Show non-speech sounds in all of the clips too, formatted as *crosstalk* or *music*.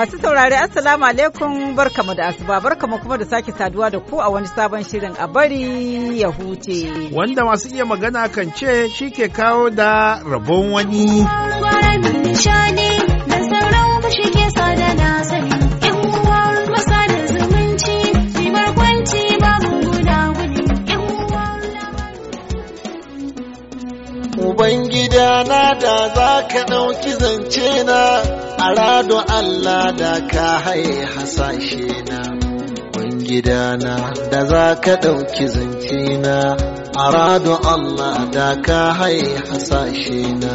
Masu saurari Assalamu alaikum barkamu da asuba barkamu kuma da sake saduwa da ku a wani sabon shirin a bari ya huce. Wanda masu iya magana kan ce shi ke kawo da rabon wani. Ubangida na da za ka ɗauki zance na Arado Allah da ka haye hasashe na gidana da za ka ɗauki zance na arado Allah da ka haye hasashe na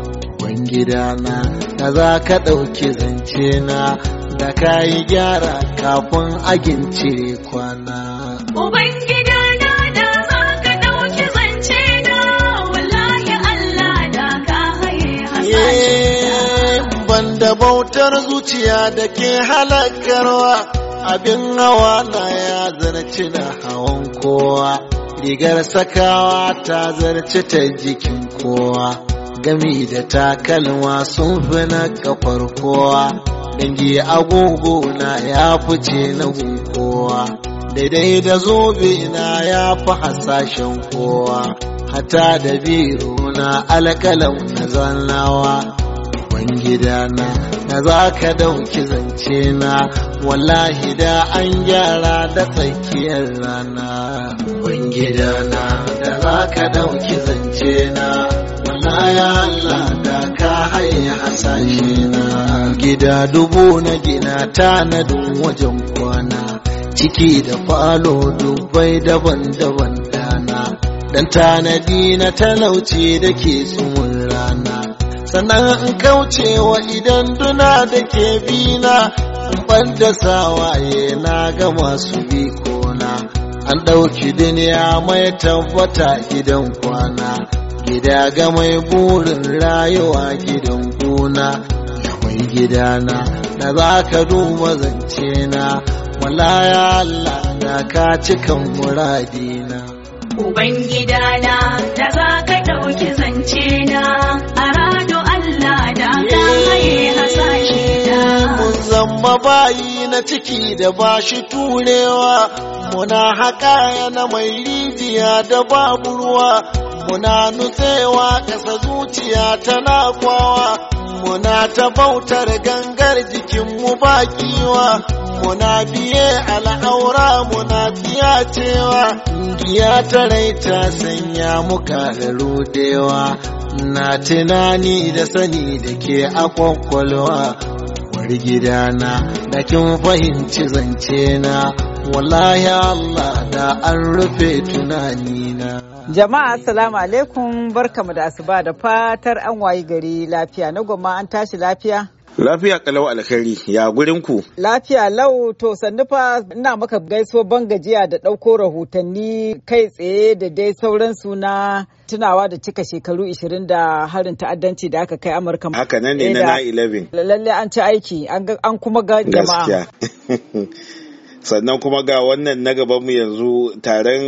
zaman gidana da za ka ɗauki zance na da ka yi gyara kafin agince kwana. bautar zuciya da ke halakarwa abin hawa na ya zarci na hawan kowa. Rigar sakawa ta zarci ta jikin kowa. gami da takalma sun fi na kafar kowa dangi agogo na ya fice na kowa daidai da zobe na ya fi hasashen kowa hata da biro na alkalau na zannawa gidana na za ka dauki zance na wallahi da an gyara da tsakiyar rana na da za ka dauki zance na ya Allah da ka hasashe na gida dubu na gina tanadin wajen kwana ciki da falo dubbai daban-daban dana dan tanadi na talauci da ke tsumin rana sannan in wa idan duna da ke bina ban da sawaye na ga masu bikona an ɗauki duniya mai tabbata gidan kwana gida ga mai burin rayuwa gidan gona ga mai gidana da za ka duba zance na wala ya Allah na ka cikan muradina uban gidana da za ka ɗauki zance na a rado Allah da ka haye hasashe na mun zama bayi na ciki da bashi turewa muna haka yana mai rijiya da babu ruwa muna nutsewa ƙasa zuciya tana kwawa muna ta bautar gangar jikinmu ba kiwa muna biye al'aura muna fiya cewa giya ta rai ta sanya muka da rudewa na tunani da sani da ke akwakwalwa. kwakwalwa wari gidana da kin fahimci zance na wallahi Allah da an rufe tunani Jama'a assalamu alaikum barkamu da asuba da fatar an wayi gari lafiya na goma an tashi lafiya. Lafiya kalau alkhairi ya gurin ku. Lafiya lau to sannu fa ina maka gaiso ban gajiya da ɗauko rahotanni kai tsaye da dai sauran suna tunawa da cika shekaru 20 da harin ta'addanci da aka kai Amurka. Haka nan ne eh, na 11. Lalle an ci aiki an kuma ga jama'a. Gaskiya. *laughs* Sannan kuma ga wannan na gabanmu yanzu taron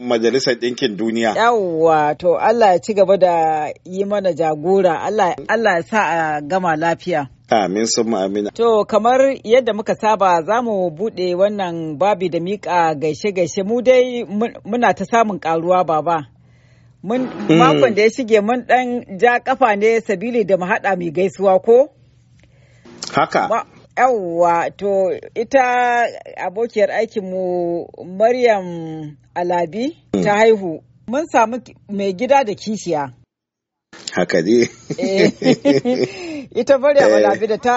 majalisar ɗinkin duniya. Yawwa to Allah ya ci gaba da yi mana jagora Allah ya sa a gama lafiya. Amin sun amina. To kamar yadda muka saba za mu buɗe wannan babi da miƙa gaishe-gaishe mu dai muna ta samun ƙaruwa baba. Mun hmm. makon da ya shige mun ɗan ja ƙafa ne sabili da mu haɗa mai gaisuwa ko? Haka. yawwa to ita abokiyar aikinmu maryam alabi hmm. ta haihu mun samu mai gida da kishiya haka ne *laughs* ita maryam eh. alabi da ta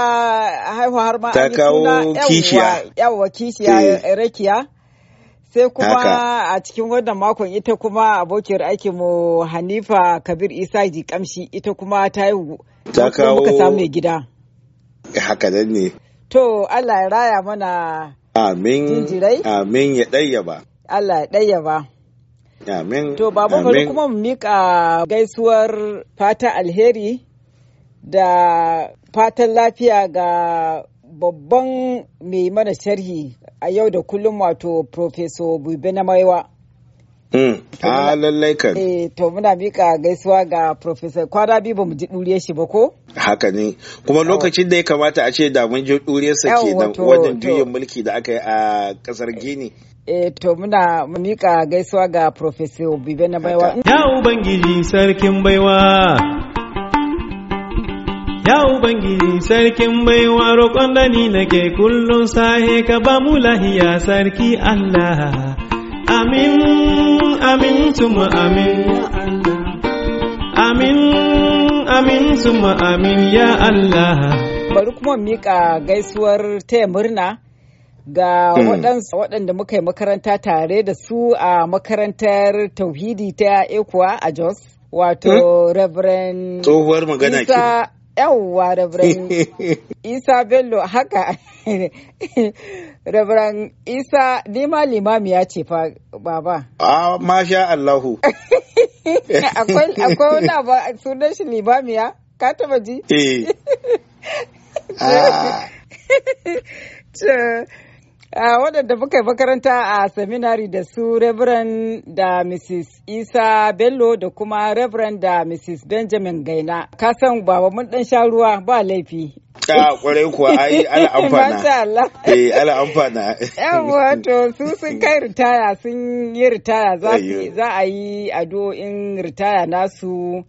haihu har ma ta kawo kishiya yawwa kishiya eh. Eh, rakiya sai kuma a cikin wannan makon ita kuma abokiyar aikinmu hanifa kabir isa ji kamshi ita kuma ta haihu ta kawo muka samu mai gida haka ne To Allah ya raya mana Amin. Jinjirai. Amin ya ɗaya ba. Allah ya ɗaya ba. Amin. To babu bari kuma mu miƙa gaisuwar fata alheri da fatan lafiya ga babban mai mana sharhi a yau da kullum wato Profeso Bube na Maiwa. Mm. a ah, lallai kan eh to muna mika gaisuwa ga professor kwada bi ba mu ji duriyar shi ba ko haka ne kuma lokacin da ya kamata a ce da mun ji duriyar sa kenan wajen juyin mulki da aka yi a kasar eh, Gini eh to muna mika gaisuwa ga Professor Bibe na Baiwa. Ya Ubangiji sarkin baiwa. Ya Ubangiji sarkin baiwa roƙon da ni nake kullum sahe ka ba mu lahiya sarki Allah. amin amin tuma amin amin amin tuma amin ya Allah bari kuma mika gaisuwar taya murna ga hmm. waɗansu waɗanda muka yi makaranta tare da su a makarantar tauhidi ta ekuwa a jos wato hmm? reverend tsohuwar magana yawwa rabran *laughs* isa bello haka *laughs* rabran isa nima limamiya ce fa baba a ah, masha allahu *laughs* akwai wani ba sunan shi limamiya ka taba ji eh. ah. waɗanda muka yi makaranta a seminary da su Reverend da Mrs. Isa Bello da kuma Reverend da Mrs. Benjamin Gaina. Kasan baba mun ɗan sha ruwa ba laifi. Ta kwarai kuwa ai ala *laughs* amfana. sha Allah. Eh ala amfana. Yan to su sun kai ritaya sun yi ritaya za a yi ado in ritaya nasu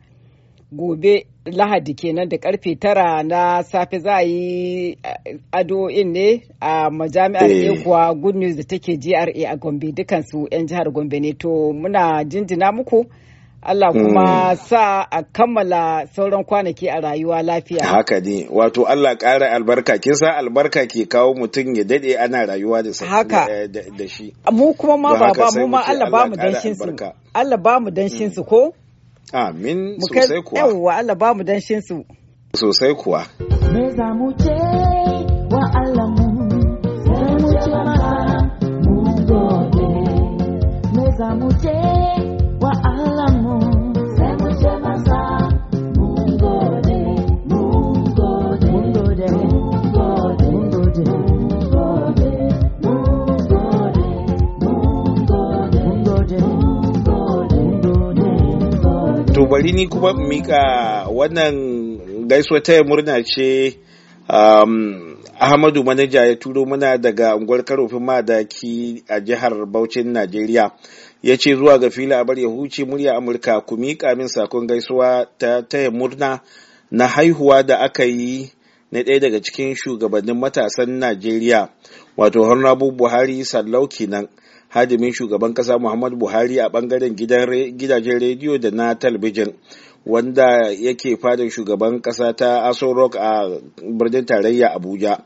gobe lahadi kenan da karfe tara na safe za a yi eh, ado'in ne a majami'ar ekuwa eh. good news da take gra a gombe dukansu 'yan jihar gombe ne to muna jinjina muku Allah kuma mm. sa a kammala sauran kwanaki a rayuwa lafiya. Haka ne, wato Allah ƙara albarka, kin sa albarka ke kawo mutum ya daɗe ana rayuwa da shi. Haka. Eh, da shi. Mu kuma ma baba mu ma Allah ba mu danshin su. Allah mm. ba mu danshin su ko? Amin sosai kuwa. Yawwa Allah ba mu danshin su. Sosai kuwa. Me za mu ce wa Allah mu sai mu ce ma mu gode. Me za mu ce bari ni kuma mika wannan gaisuwa taya murna ce um, ahmadu manaja ya turo mana daga unguwar karofin madaki a jihar Bauchin Najeriya. ya ce zuwa ga fila abar ya huce murya amurka ku mika min sakon gaisuwa ta taya murna na haihuwa da aka yi na ɗaya daga cikin shugabannin matasan najeriya wato honorable buhari sallau kenan hadimin shugaban kasa muhammadu buhari a bangaren gidajen rediyo da na talabijin wanda yake fadin shugaban kasa ta aso rock a birnin tarayya abuja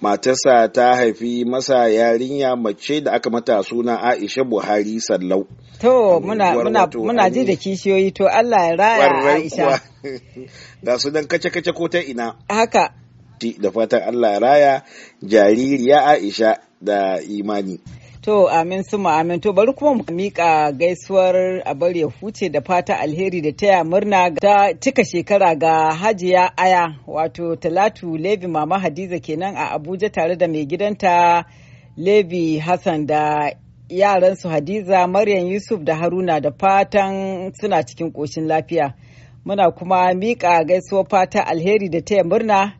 matarsa ta haifi masa yarinya mace da aka mata suna Aisha Buhari Sallau. To muna ji da kishiyoyi to Allah ya raya Aisha. *laughs* Ga su dan kace kace ko ta ina. Haka. Da fatan Allah ya raya jaririya Aisha da imani. To amin suma amin to bari kuma mu mika gaisuwar a bari ya huce da fata alheri da taya murna ta cika shekara ga Hajiya Aya wato Talatu Levi Mama Hadiza kenan a Abuja tare da mai gidanta Levi Hassan da yaransu Hadiza Maryam Yusuf da Haruna da fatan suna cikin koshin lafiya. Muna kuma mika gaisuwar fata alheri da taya murna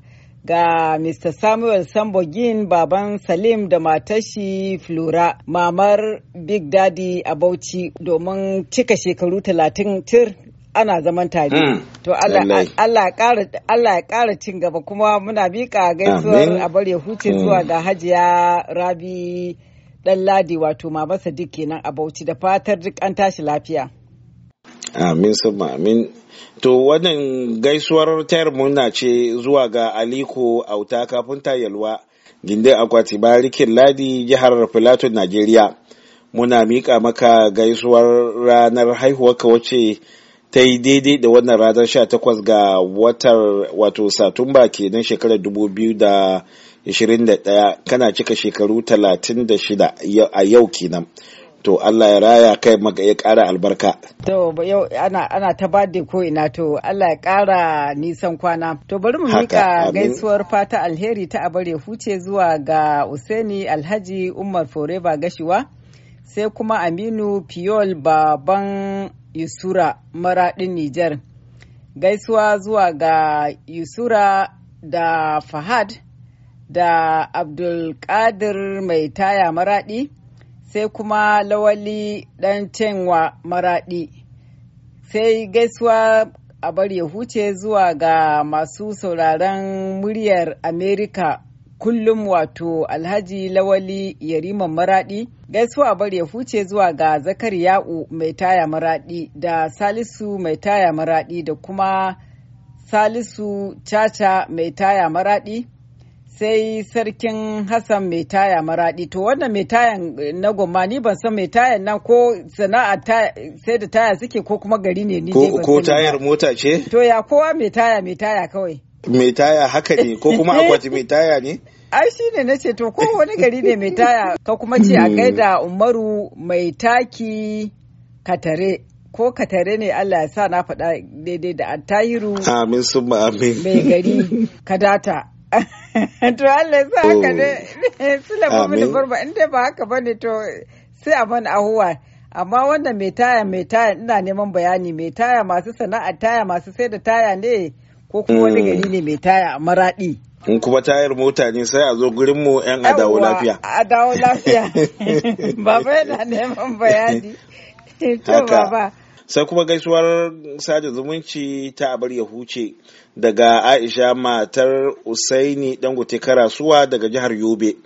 ga Mr. Samuel Sambogin baban Salim da matashi Flora mamar Big Daddy a Bauchi domin cika shekaru talatin tir ana zaman tare. Hmm. To Allah ya ƙara cin gaba kuma muna miƙa gaisuwar a bar ya huce zuwa hmm. ga Hajiya Rabi Ladi wato Mama Sadiq kenan a Bauchi da fatar duk an tashi lafiya. amin summa amin to wannan gaisuwar tayar murna ce zuwa ga aliko auta kafin yalwa gindin akwati barikin ladi jihar filato najeriya muna miƙa maka gaisuwar ranar haihuwarka wacce ta yi daidai da wannan ranar 18 ga watar wato satumba kenan shekarar 2021 kana cika shekaru 36 a yau kenan to Allah ya raya kai maka ya ƙara albarka. To yau ana ana ta bade ko ina to Allah ya ƙara nisan kwana. To bari mu mika gaisuwar fata alheri ta abare huce zuwa ga Useni Alhaji Umar Foreba Gashiwa sai kuma Aminu Piyol Baban Yusura Maraɗin Nijar. Gaisuwa zuwa ga Yusura da Fahad da Abdulkadir Mai Taya Maraɗi. sai kuma lawali dan tenwa maraɗi. sai gaisuwa a bar ya huce zuwa ga masu sauraron muryar amerika kullum wato alhaji lawali yariman maraɗi. gaisuwa a bar ya huce zuwa ga Ya'u mai taya maradi da salisu mai taya maraɗi da kuma salisu caca mai taya maraɗi. sai sarkin Hassan mai taya maradi to wannan mai tayan eh, na goma ni ban san mai tayan nan ko sana'a sai da taya suke ko kuma gari ne ni ko tayar mota ce to ya kowa mai taya mai taya kawai mai taya haka ne ko kuma *laughs* akwati mai taya ne ai shi ne na ce to ko wani gari ne mai taya ka kuma ce a hmm. gaida umaru mai taki katare ko katare ne Allah ya sa na faɗa daidai da attahiru amin summa amin mai gari *laughs* kadata *laughs* to Allah haka oh. ne *laughs* mamadu in dai ba haka ba ne to sai a ahuwa amma wannan mai taya mai taya ina neman bayani mai taya masu sana'ar taya masu sai da taya ne ko kuma wani hmm. gari ne mai taya a maraɗi. in kuma tayar mota ne sai a zo gurin mu yan adawo lafiya adawo lafiya *laughs* baba yana neman bayani to baba sai kuma gaisuwar sada zumunci ta abar ya huce daga aisha matar usaini dangote karasuwa daga jihar yobe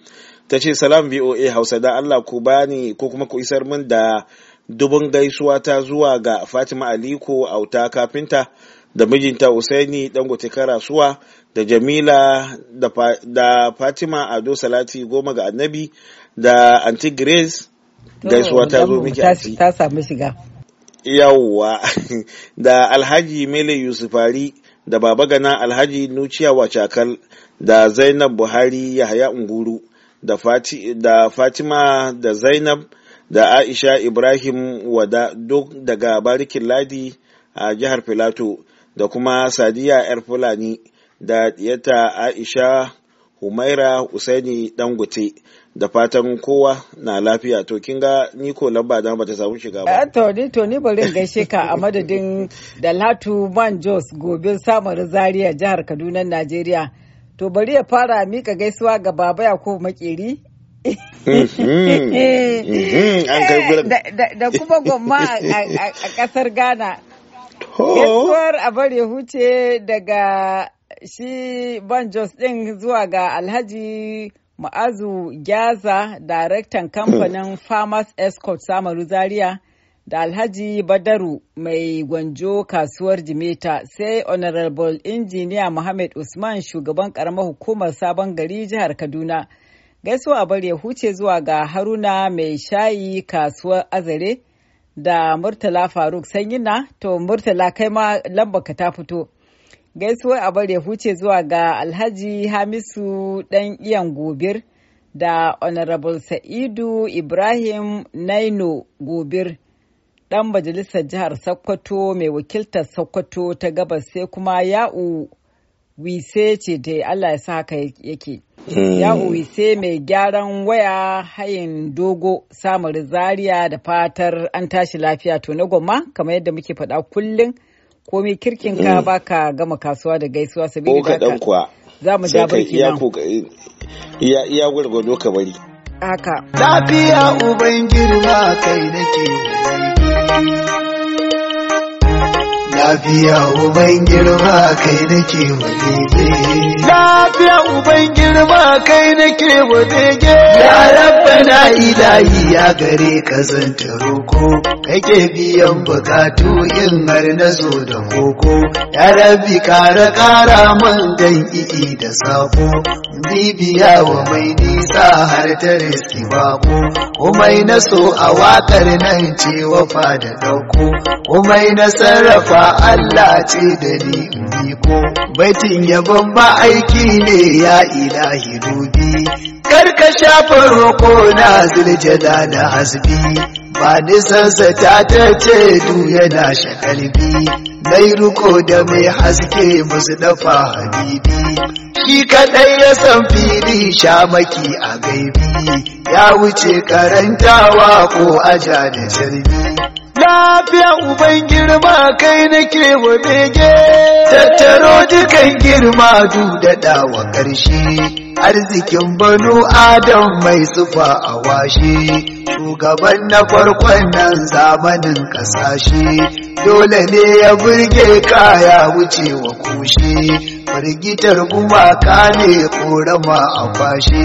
ta ce salam voa hausa da allah ku bani ko kuma ku isar min da dubun gaisuwa ta zuwa ga fatima aliko auta kafinta da mijinta usaini dangote karasuwa da jamila da, da fatima ado salati goma ga annabi da anti gaisuwa ta zo miki ta samu shiga yawwa da alhaji mele yusufari da baba gana alhaji nuciya wacakal da zainab buhari yahaya unguru da, Fati, da fatima da zainab da aisha ibrahim wada duk daga barikin ladi a jihar filato da kuma sadiya yar fulani da diyata aisha humaira usaini dangote da fatan kowa na lafiya to kin ga ni ko lamba ba bata samu shiga ba eh, to ni to ni bari in gaishe ka a madadin Dalatu Man Jos gobe samar Zaria jihar Kaduna Najeriya to bari ya fara mika gaisuwa ga Baba ko Makeri mm-hmm. Mm-hmm. da kuma gomma a kasar Ghana gaisuwar a bari huce daga shi Ban Jos din zuwa ga Alhaji Ma'azu Gyaza, daraktan kamfanin *clears throat* Farmers Escort Samaru Zaria, da Alhaji Badaru mai gwanjo kasuwar Jimeta, sai Honorable Injiniya Muhammad Usman shugaban ƙaramar hukumar Sabon Gari jihar Kaduna. Gaisuwa bari ya huce zuwa ga Haruna mai shayi kasuwar Azare da Murtala Faruk Sanyina, to Murtala kai ma lambaka ta fito. gaisuwar a bare huce zuwa ga alhaji hamisu dan iyan gobir da honorable sa'idu ibrahim naino gobir dan majalisar jihar sokoto mai wakiltar sokoto ta gabas sai kuma ya'u wise ce da allah ya sa haka yake hmm. ya'u wise mai gyaran waya hayin dogo samun zaria da fatar an tashi lafiya to na goma kamar yadda muke faɗa kullum komai kirkin ka mm. baka gama kasuwa da gaisuwa sabili da ka kuwa za mu ja barki nan iya iya gurgudo ka bari haka lafiya uban girma kai nake lafiya uban girma kai nake wadege lafiya uban girma kai nake wadege ya rabbana ilahi ya gare ka zanta roko kake biyan bukatu in har na zo da koko ya rabbi kara kara man dan i'i da sako bibiya wa mai nisa har ta riski bako kumai na so a wakar nan ce wafa da dauko kumai na sarrafa Allah ce da ni iko baitin yabon ba aiki ne ya ilahi dubi karka shafa roko na zuljada da hasbi ba nisansa ta ta ce du yana shakalbi mai ruko da mai haske musu dafa habibi shi kaɗai ya san fili shamaki a gaibi ya wuce karantawa ko aja da jirgi lafiya uban girma kai nake wa bege tattaro dukan girma du da dawa ƙarshe arzikin banu adam mai sufa a washe shugaban na farkon nan zamanin kasashe dole ne ya burge kaya wucewa kushe firgitar gumaka ne korama a fashe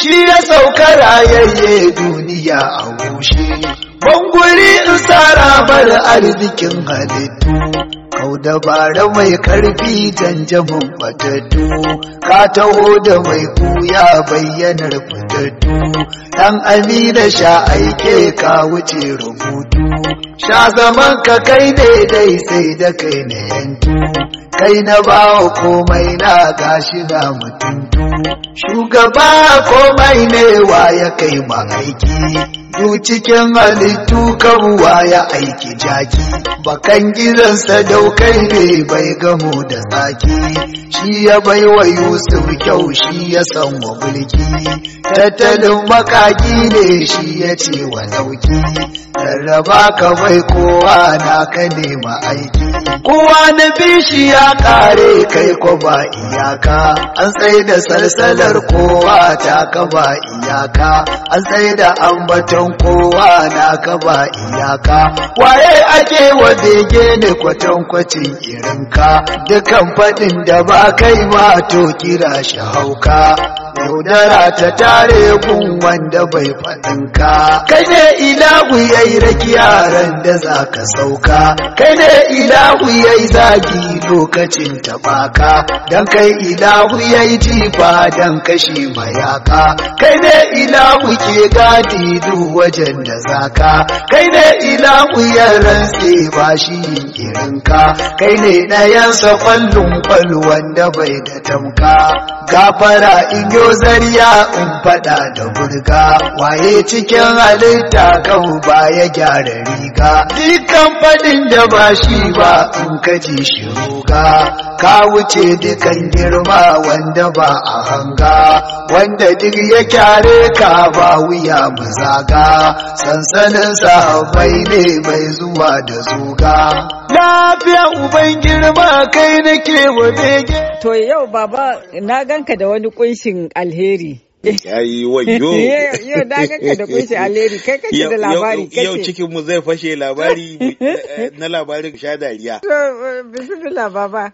shi ya sauka rayayye duniya a gushe banguri in tsara bar arzikin halittu kau dabara mai karfi janjamin fatattu ka taho da mai bai ya bayyanar fitattu dan amina sha aike ka wuce rubutu sha zaman ka kai ne dai sai da kai na yantu kai na bawa komai na gashi na mutuntu shugaba komai ne wa ya kai ma aiki Du cikin halittu kawuwa ya aiki jaki, bakan gidansa daukai ne bai gamo da tsaki, shi ya bai wa Yusuf kyau shi ya san wa mulki, tattalin makaki ne shi ya ce wa dauki, rarraba ka bai kowa na ka nema aiki. Kowa na shi ya kare kai ko ba iyaka, an tsaye da salsalar kowa ta ka ba iyaka, an tsaye da ambato don kowa na ka ba iyaka waye ake wa bege ne kwatankwacin irinka dukan faɗin da ba kai wato to kira shi hauka yaudara ta tare gun wanda bai faɗinka kai ne ilahu yayi raki yaran da za ka sauka kai ne ilahu yayi zagi lokacin tabaka dan kai ilahu yayi jifa dan kashi mayaka kai ne ilahu ke gadi duk wajen da zaka kai ne ila ya rantse ba shi ka? kai ne ɗayansa kwallon kwal wanda bai da tamka gafara in yo zariya in fada da burga waye cikin halitta kan baya gyara riga dukan fadin da ba shi ba in kaji shi roga ka wuce dukan girma wanda ba a hanga wanda duk ya kyare ka ba wuya mu zaga zuga sansanin sahabbai ne mai zuwa da zuga lafiya uban girma kai nake wa bege to yau baba na ganka da wani kunshin alheri yayi wayo *laughs* yau da ganka da kunshin alheri kai kake da labari kake yau cikin mu zai fashe labari *laughs* na labarin sha dariya eh, bismillah baba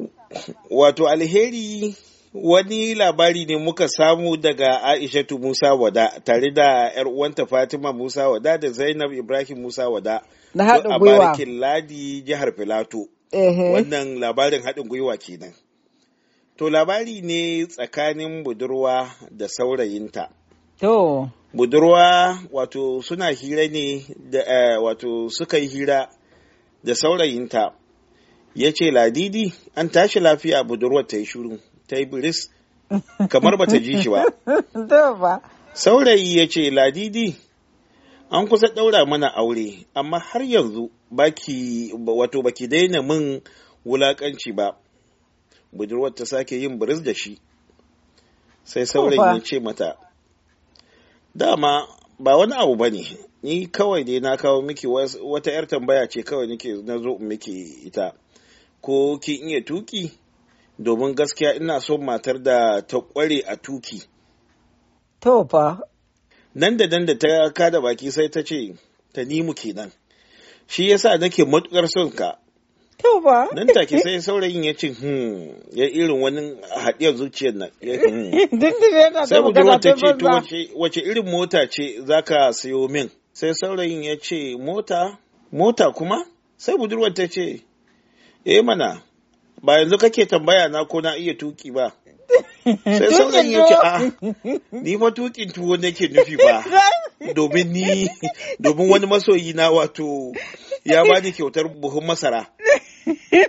wato alheri Wani labari ne muka samu daga Aishatu Musa Wada tare da 'yar uwanta Fatima Musa Wada da Zainab Ibrahim Musa Wada. Na haɗin gwiwa. A barkin Ladi jihar Filato. Wannan labarin haɗin gwiwa kenan. To labari ne tsakanin budurwa da saurayinta. To. Budurwa wato suna hira ne da eh, wato suka yi hira da saurayinta. Ya ce ladidi an tashi lafiya budurwar ta yi shuru ta yi biris kamar bata ji shi *laughs* ba. Saurayi ya ce ladidi an kusa ɗaura mana aure amma har yanzu baki wato baki daina min wulaƙanci ba. Budurwar ta sake yin biris da shi. Sai saurayi ya ce mata dama ba wani abu ba ne ni kawai dai na kawo miki wata 'yar tambaya ce kawai nake na zo miki ita ko kin iya tuki domin gaskiya ina son matar da ta kware a tuki. To fa. Nan da nan da ta kada baki sai ta ce, ta nimu kenan. Shi yasa nake matukar son ka. To fa. Nan take sai saurayin ya ce, hmm, ya irin wani haɗiyar zuciyar nan. Hmm. *laughs* Sai budurwa ta ce, to wace irin mota ce za ka sayo min? Sai saurayin ya ce, mota, mota kuma? Sai budurwar ta ce, eh mana, ba yanzu kake tambaya na ko na iya tuki ba *laughs* sai sauran ya ce a ah, ni ma tukin tuwo nake nufi ba *laughs* domin ni domin wani masoyi na wato ya bani kyautar buhun masara Isa,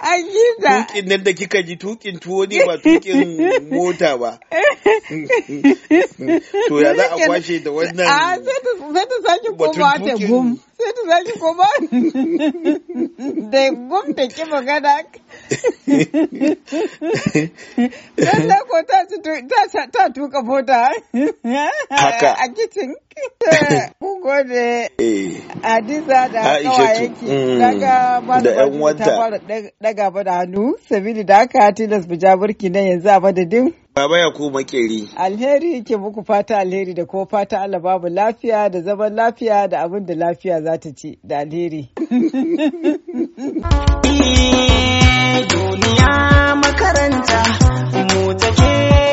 tukin nan da kika ji tukin tuwo ne ba tukin mota ba. To ya za a kwashe da wannan ah, Sai ta sake koma da gum. Sai ta sake koma *laughs* da gum da ki magana. Lallai ko ta tuka bota a kicin. Kun *laughs* gode eh. Hadiza da yake daga mm, ta fara daga ba da hannu sabili da aka tilas birki na yanzu a madadin. Baba ya ku makeri. Alheri ke muku fata alheri da ko fata Allah babu lafiya da zaman lafiya da abin da lafiya za ta ci da alheri. *laughs* duniya makaranta mu take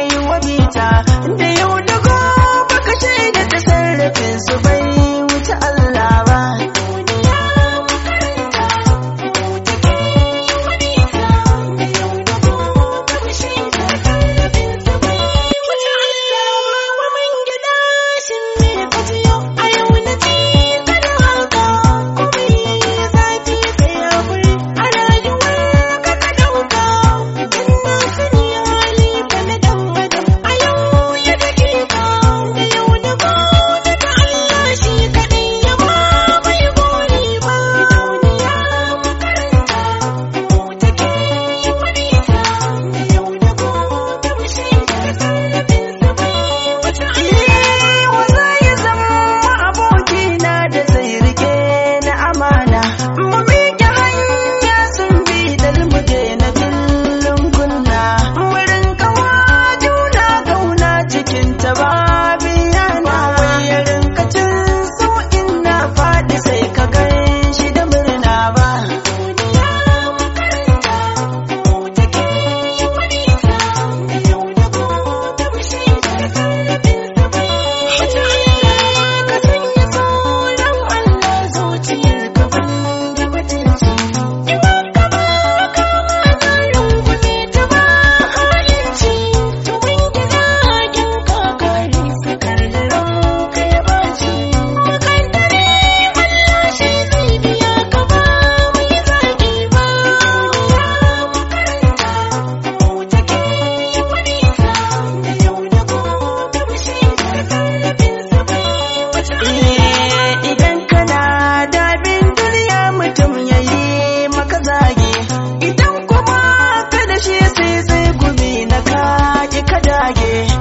yi wabita da yau da gobe shaida ta sarrafin su bai gumi na kaji ka dage